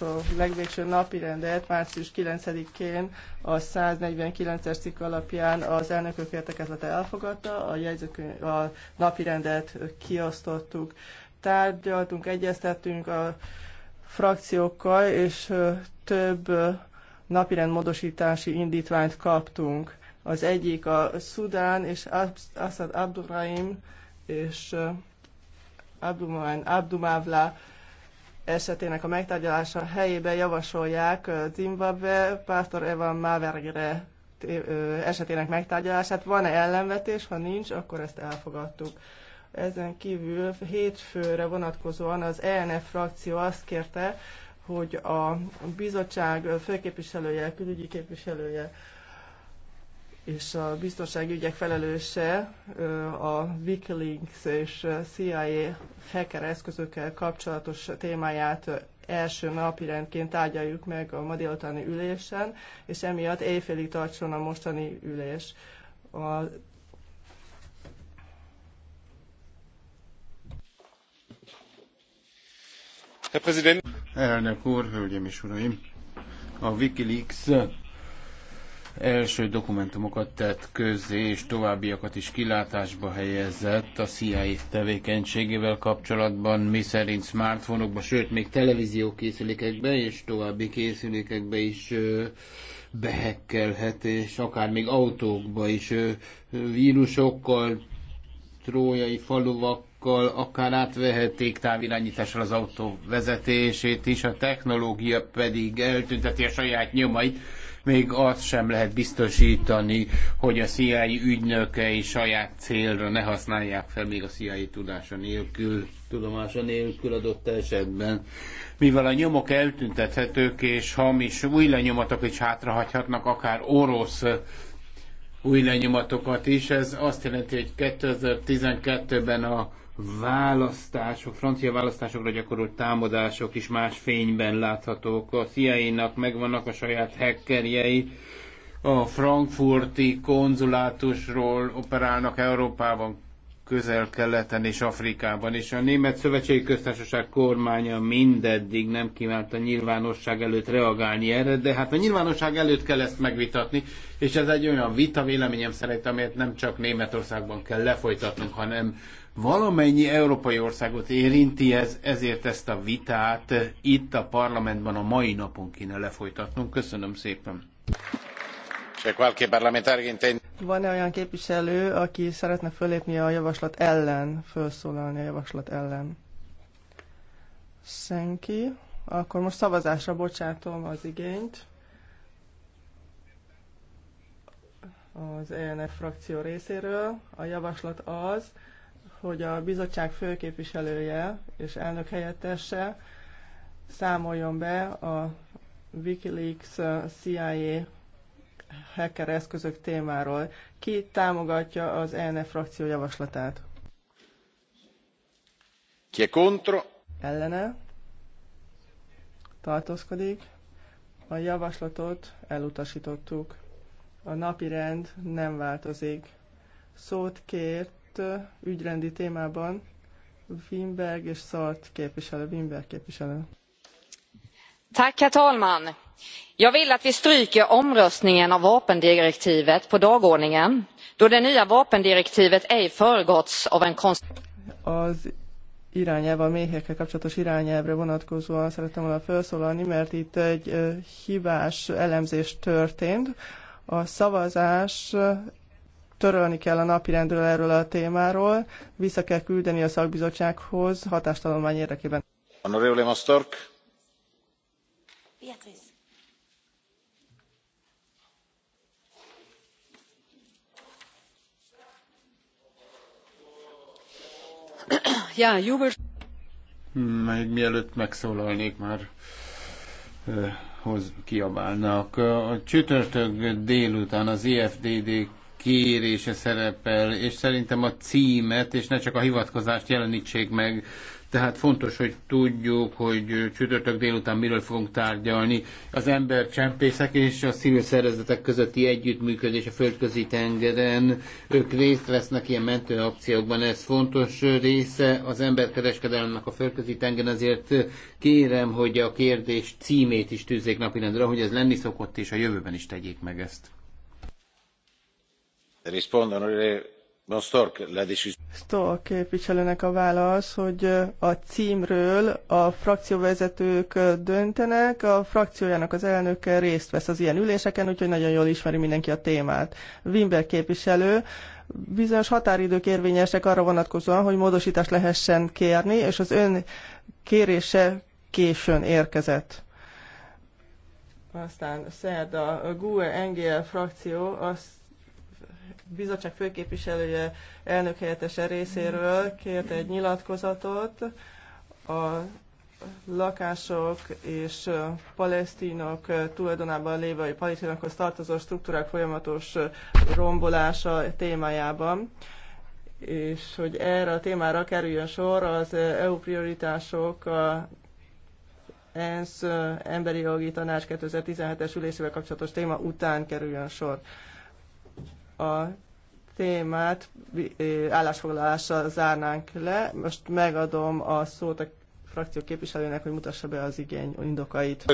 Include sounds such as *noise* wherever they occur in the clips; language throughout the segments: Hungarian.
utolsó, legvégső napi rendet március 9-én a 149-es cikk alapján az elnökök értekezlete elfogadta, a, jegyzőkönyv, a napi rendet kiosztottuk. Tárgyaltunk, egyeztettünk a frakciókkal, és több napirend módosítási indítványt kaptunk. Az egyik a Szudán és Assad Abdurraim és Abdumán Abdumávla esetének a megtárgyalása helyébe javasolják Zimbabwe Pastor Evan Mavergre esetének megtárgyalását. Van-e ellenvetés? Ha nincs, akkor ezt elfogadtuk. Ezen kívül hétfőre vonatkozóan az ENF frakció azt kérte, hogy a bizottság főképviselője, külügyi képviselője és a biztonsági ügyek felelőse a Wikileaks és CIA hacker eszközökkel kapcsolatos témáját első napirendként tárgyaljuk meg a ma délutáni ülésen, és emiatt éjfélig tartson a mostani ülés. A Elnök úr, hölgyeim és uraim! A Wikileaks első dokumentumokat tett közzé, és továbbiakat is kilátásba helyezett a CIA tevékenységével kapcsolatban, mi szerint smartfonokba, sőt, még televízió készülékekbe és további készülékekbe is behekkelhet, és akár még autókba is vírusokkal, trójai faluvakkal, akár átvehették távirányítással az autó vezetését is, a technológia pedig eltünteti a saját nyomait, még azt sem lehet biztosítani, hogy a CIA ügynökei saját célra ne használják fel még a CIA tudása nélkül, tudomása nélkül adott esetben. Mivel a nyomok eltüntethetők és hamis új lenyomatok is hátrahagyhatnak akár orosz új lenyomatokat is. Ez azt jelenti, hogy 2012-ben a választások, francia választásokra gyakorolt támadások is más fényben láthatók. A CIA-nak megvannak a saját hackerjei, a frankfurti konzulátusról operálnak Európában közel-keleten és Afrikában, és a Német Szövetségi Köztársaság kormánya mindeddig nem kívánt a nyilvánosság előtt reagálni erre, de hát a nyilvánosság előtt kell ezt megvitatni, és ez egy olyan vita véleményem szerint, amelyet nem csak Németországban kell lefolytatnunk, hanem valamennyi európai országot érinti ez, ezért ezt a vitát itt a parlamentben a mai napon kéne lefolytatnunk. Köszönöm szépen. Van-e olyan képviselő, aki szeretne fölépni a javaslat ellen, felszólalni a javaslat ellen? Senki. Akkor most szavazásra bocsátom az igényt. Az ENF frakció részéről. A javaslat az, hogy a bizottság főképviselője és elnök helyettese számoljon be a Wikileaks uh, CIA hacker eszközök témáról. Ki támogatja az ELNE frakció javaslatát? Ki è contro? Ellene. Tartózkodik. A javaslatot elutasítottuk. A napi rend nem változik. Szót kért ügyrendi témában Wimberg és Szart képviselő. Wimberg képviselő. Tack, herr talman! jag vill att vi stryker omröstningen om vapendirektivet från dagordningen då det nya vapendirektivet ej föregåtts av en Az méhekkel kapcsolatos irányelvre vonatkozóan szerettem volna felszólalni, mert itt egy hibás elemzés történt. A szavazás törölni kell a napirendről erről a témáról, vissza kell küldeni a szakbizottsághoz hatástanulmány érdekében. Honorable Mastork. Beatrice. Még mielőtt megszólalnék, már hoz kiabálnak. A csütörtök délután az IFDD kérése szerepel, és szerintem a címet, és ne csak a hivatkozást jelenítsék meg, tehát fontos, hogy tudjuk, hogy csütörtök délután miről fogunk tárgyalni. Az ember csempészek és a civil szervezetek közötti együttműködés a földközi tengeren. Ők részt vesznek ilyen mentőakciókban. Ez fontos része az emberkereskedelemnek a földközi tengeren. Azért kérem, hogy a kérdés címét is tűzzék napirendre, hogy ez lenni szokott, és a jövőben is tegyék meg ezt. Stork képviselőnek a válasz, hogy a címről a frakcióvezetők döntenek, a frakciójának az elnöke részt vesz az ilyen üléseken, úgyhogy nagyon jól ismeri mindenki a témát. Wimber képviselő, bizonyos határidők érvényesek arra vonatkozóan, hogy módosítást lehessen kérni, és az ön kérése későn érkezett. Aztán szerda, a GUE-NGL frakció azt bizottság főképviselője elnök helyettese részéről kért egy nyilatkozatot a lakások és palesztinok tulajdonában lévő palesztinokhoz tartozó struktúrák folyamatos rombolása témájában és hogy erre a témára kerüljön sor az EU prioritások a ENSZ Emberi Jogi Tanács 2017-es ülésével kapcsolatos téma után kerüljön sor a témát állásfoglalással zárnánk le. Most megadom a szót a frakció képviselőnek, hogy mutassa be az igény indokait.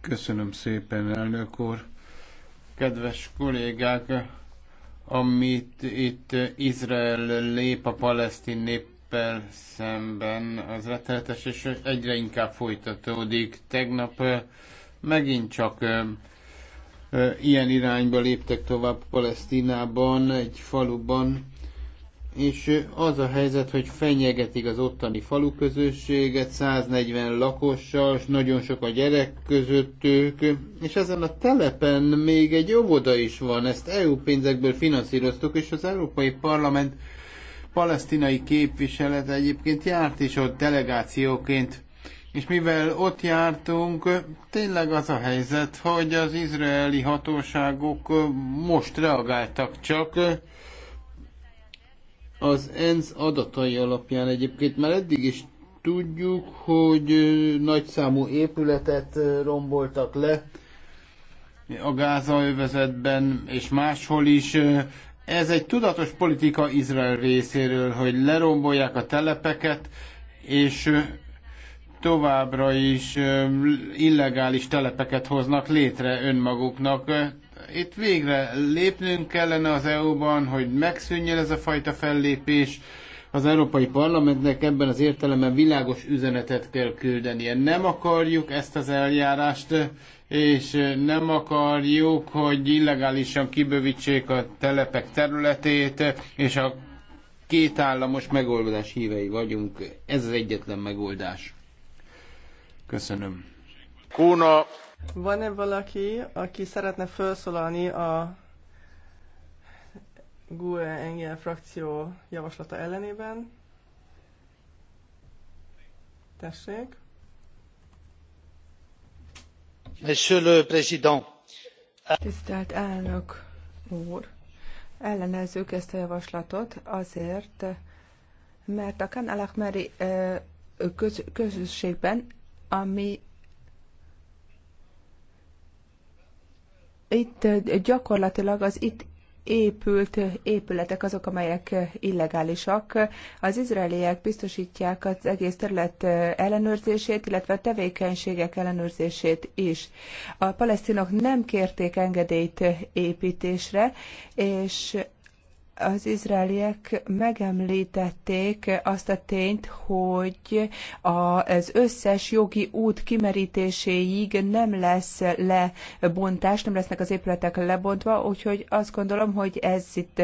Köszönöm szépen, elnök úr. Kedves kollégák, amit itt Izrael lép a palesztin néppel szemben, az rettenetes, és egyre inkább folytatódik. Tegnap megint csak ilyen irányba léptek tovább Palesztinában, egy faluban, és az a helyzet, hogy fenyegetik az ottani falu közösséget, 140 lakossal, és nagyon sok a gyerek közöttük, és ezen a telepen még egy óvoda is van, ezt EU pénzekből finanszíroztuk, és az Európai Parlament palesztinai képviselete egyébként járt is ott delegációként. És mivel ott jártunk, tényleg az a helyzet, hogy az izraeli hatóságok most reagáltak csak az ENSZ adatai alapján egyébként, mert eddig is tudjuk, hogy nagyszámú épületet romboltak le a Gázaövezetben és máshol is. Ez egy tudatos politika Izrael részéről, hogy lerombolják a telepeket, és továbbra is illegális telepeket hoznak létre önmaguknak. Itt végre lépnünk kellene az EU-ban, hogy megszűnjön ez a fajta fellépés. Az Európai Parlamentnek ebben az értelemben világos üzenetet kell küldenie. Nem akarjuk ezt az eljárást, és nem akarjuk, hogy illegálisan kibővítsék a telepek területét, és a két államos megoldás hívei vagyunk. Ez az egyetlen megoldás. Köszönöm. Kuna. Van-e valaki, aki szeretne felszólalni a GUE Engel frakció javaslata ellenében? Tessék. Monsieur le Président. Tisztelt elnök úr! Ellenezzük ezt a javaslatot azért, mert a Kanalakmeri közösségben ami itt gyakorlatilag az itt épült épületek azok, amelyek illegálisak. Az izraeliek biztosítják az egész terület ellenőrzését, illetve a tevékenységek ellenőrzését is. A palesztinok nem kérték engedélyt építésre, és az izraeliek megemlítették azt a tényt, hogy az összes jogi út kimerítéséig nem lesz lebontás, nem lesznek az épületek lebontva, úgyhogy azt gondolom, hogy ez itt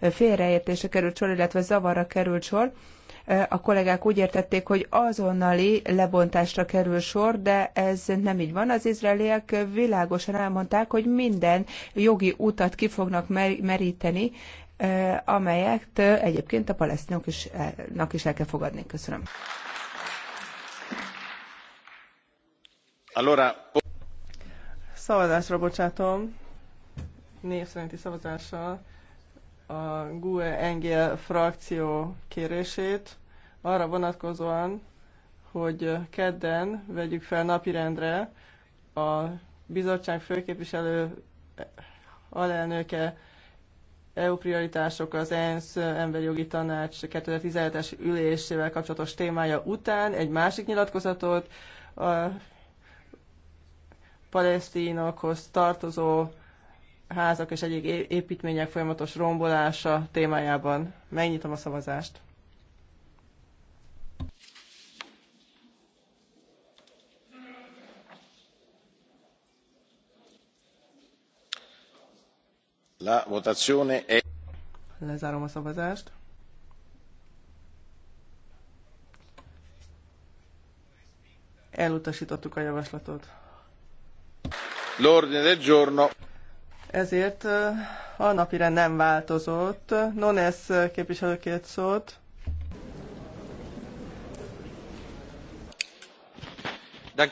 félreértése került sor, illetve zavarra került sor. A kollégák úgy értették, hogy azonnali lebontásra kerül sor, de ez nem így van. Az izraeliek világosan elmondták, hogy minden jogi utat ki fognak meríteni, amelyet egyébként a palesztinoknak is el kell fogadni. Köszönöm. Allora... Szavazásra bocsátom, név szerinti szavazással a GUE Engel frakció kérését arra vonatkozóan, hogy kedden vegyük fel napirendre a bizottság főképviselő alelnöke EU prioritások az ENSZ emberi jogi tanács 2017-es ülésével kapcsolatos témája után egy másik nyilatkozatot a palesztinokhoz tartozó házak és egyéb építmények folyamatos rombolása témájában. Megnyitom a szavazást. La votazione è... Lezárom a szavazást. Elutasítottuk a javaslatot. L'ordine del giorno. Ezért uh, a napirend nem változott. Nones uh, képviselőkért szólt. Uh,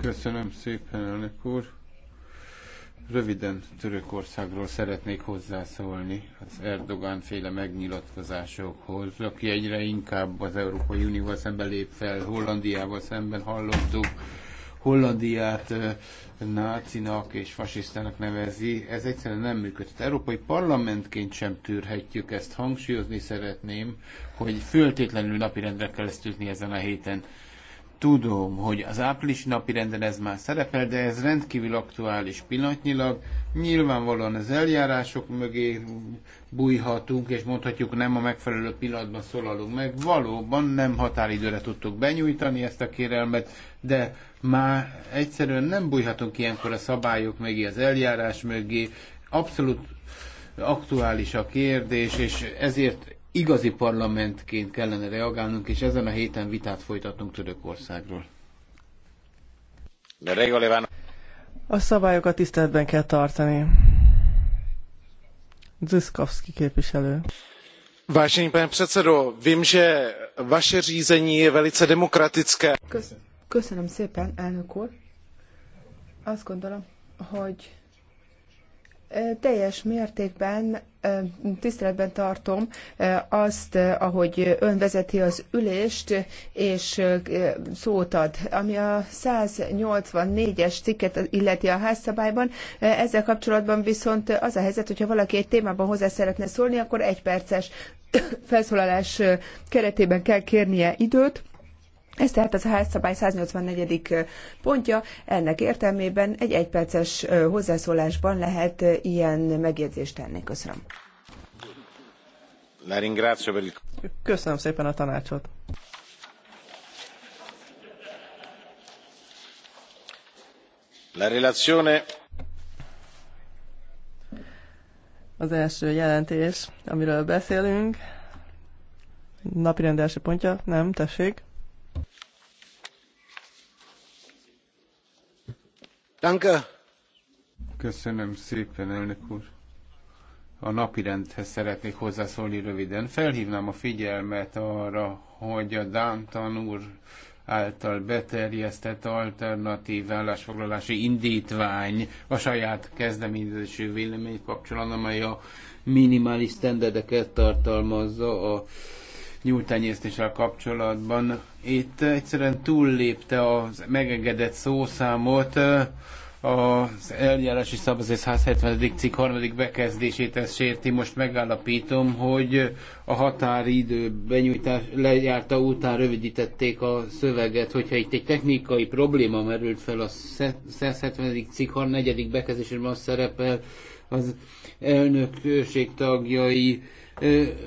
Köszönöm szépen, elnök úr. Röviden Törökországról szeretnék hozzászólni az Erdogan féle megnyilatkozásokhoz, aki egyre inkább az Európai Unióval szemben lép fel, Hollandiával szemben hallottuk, Hollandiát nácinak és fasisztának nevezi, ez egyszerűen nem működött. Európai parlamentként sem tűrhetjük ezt. Hangsúlyozni szeretném, hogy föltétlenül napirendre kell ezt ezen a héten. Tudom, hogy az április napi renden ez már szerepel, de ez rendkívül aktuális pillanatnyilag. Nyilvánvalóan az eljárások mögé bújhatunk, és mondhatjuk nem a megfelelő pillanatban szólalunk meg. Valóban nem határidőre tudtuk benyújtani ezt a kérelmet, de már egyszerűen nem bújhatunk ilyenkor a szabályok mögé, az eljárás mögé. Abszolút aktuális a kérdés, és ezért Igazi parlamentként kellene reagálnunk, és ezen a héten vitát folytatnunk Törökországról. A szabályokat tiszteletben kell tartani. Zyskovsky képviselő. Vážený pane předsedo, vím, že vaše řízení je velice demokratické. Köszönöm szépen, elnök úr. Azt gondolom, hogy eh, teljes mértékben tiszteletben tartom azt, ahogy ön vezeti az ülést, és szót ad. Ami a 184-es cikket illeti a házszabályban, ezzel kapcsolatban viszont az a helyzet, hogyha valaki egy témában hozzá szeretne szólni, akkor egy perces *coughs* felszólalás keretében kell kérnie időt, ez tehát az a házszabály 184. pontja, ennek értelmében egy egyperces hozzászólásban lehet ilyen megjegyzést tenni. Köszönöm. Köszönöm szépen a tanácsot. La relazione... Az első jelentés, amiről beszélünk, napirend első pontja, nem, tessék. Köszönöm szépen, elnök úr. A napirendhez szeretnék hozzászólni röviden. Felhívnám a figyelmet arra, hogy a Dántan úr által beterjesztett alternatív állásfoglalási indítvány a saját kezdeményezésű vélemény kapcsolatban, amely a minimális standardeket tartalmazza a nyúltenyésztéssel kapcsolatban. Itt egyszerűen túllépte az megengedett szószámot, eh, az eljárási szabályzás 170. cikk harmadik bekezdését ez sérti. Most megállapítom, hogy a határidő benyújtás lejárta után rövidítették a szöveget, hogyha itt egy technikai probléma merült fel a 170. cikk 4. bekezdésében az szerepel, az elnökség tagjai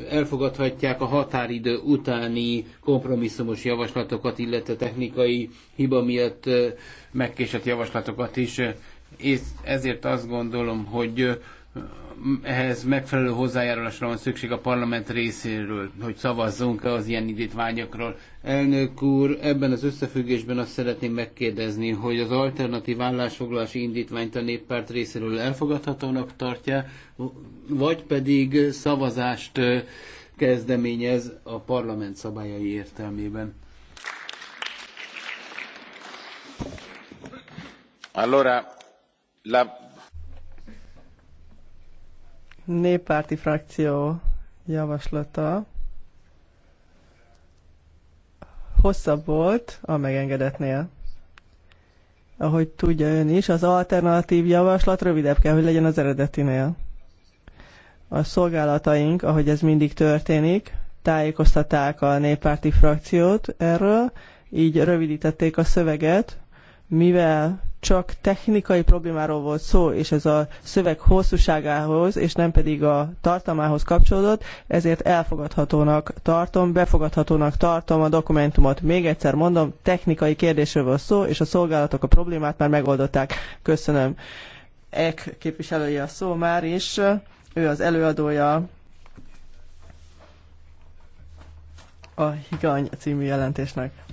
elfogadhatják a határidő utáni kompromisszumos javaslatokat, illetve technikai hiba miatt megkésett javaslatokat is. És ezért azt gondolom, hogy ehhez megfelelő hozzájárulásra van szükség a parlament részéről, hogy szavazzunk -e az ilyen indítványokról. Elnök úr, ebben az összefüggésben azt szeretném megkérdezni, hogy az alternatív állásfoglalási indítványt a néppárt részéről elfogadhatónak tartja, vagy pedig szavazást kezdeményez a parlament szabályai értelmében. Allora, la néppárti frakció javaslata hosszabb volt a megengedetnél. Ahogy tudja ön is, az alternatív javaslat rövidebb kell, hogy legyen az eredetinél. A szolgálataink, ahogy ez mindig történik, tájékoztatták a néppárti frakciót erről, így rövidítették a szöveget, mivel csak technikai problémáról volt szó, és ez a szöveg hosszúságához, és nem pedig a tartalmához kapcsolódott, ezért elfogadhatónak tartom, befogadhatónak tartom a dokumentumot. Még egyszer mondom, technikai kérdésről volt szó, és a szolgálatok a problémát már megoldották. Köszönöm. Ek képviselője a szó már is, ő az előadója a Higany című jelentésnek.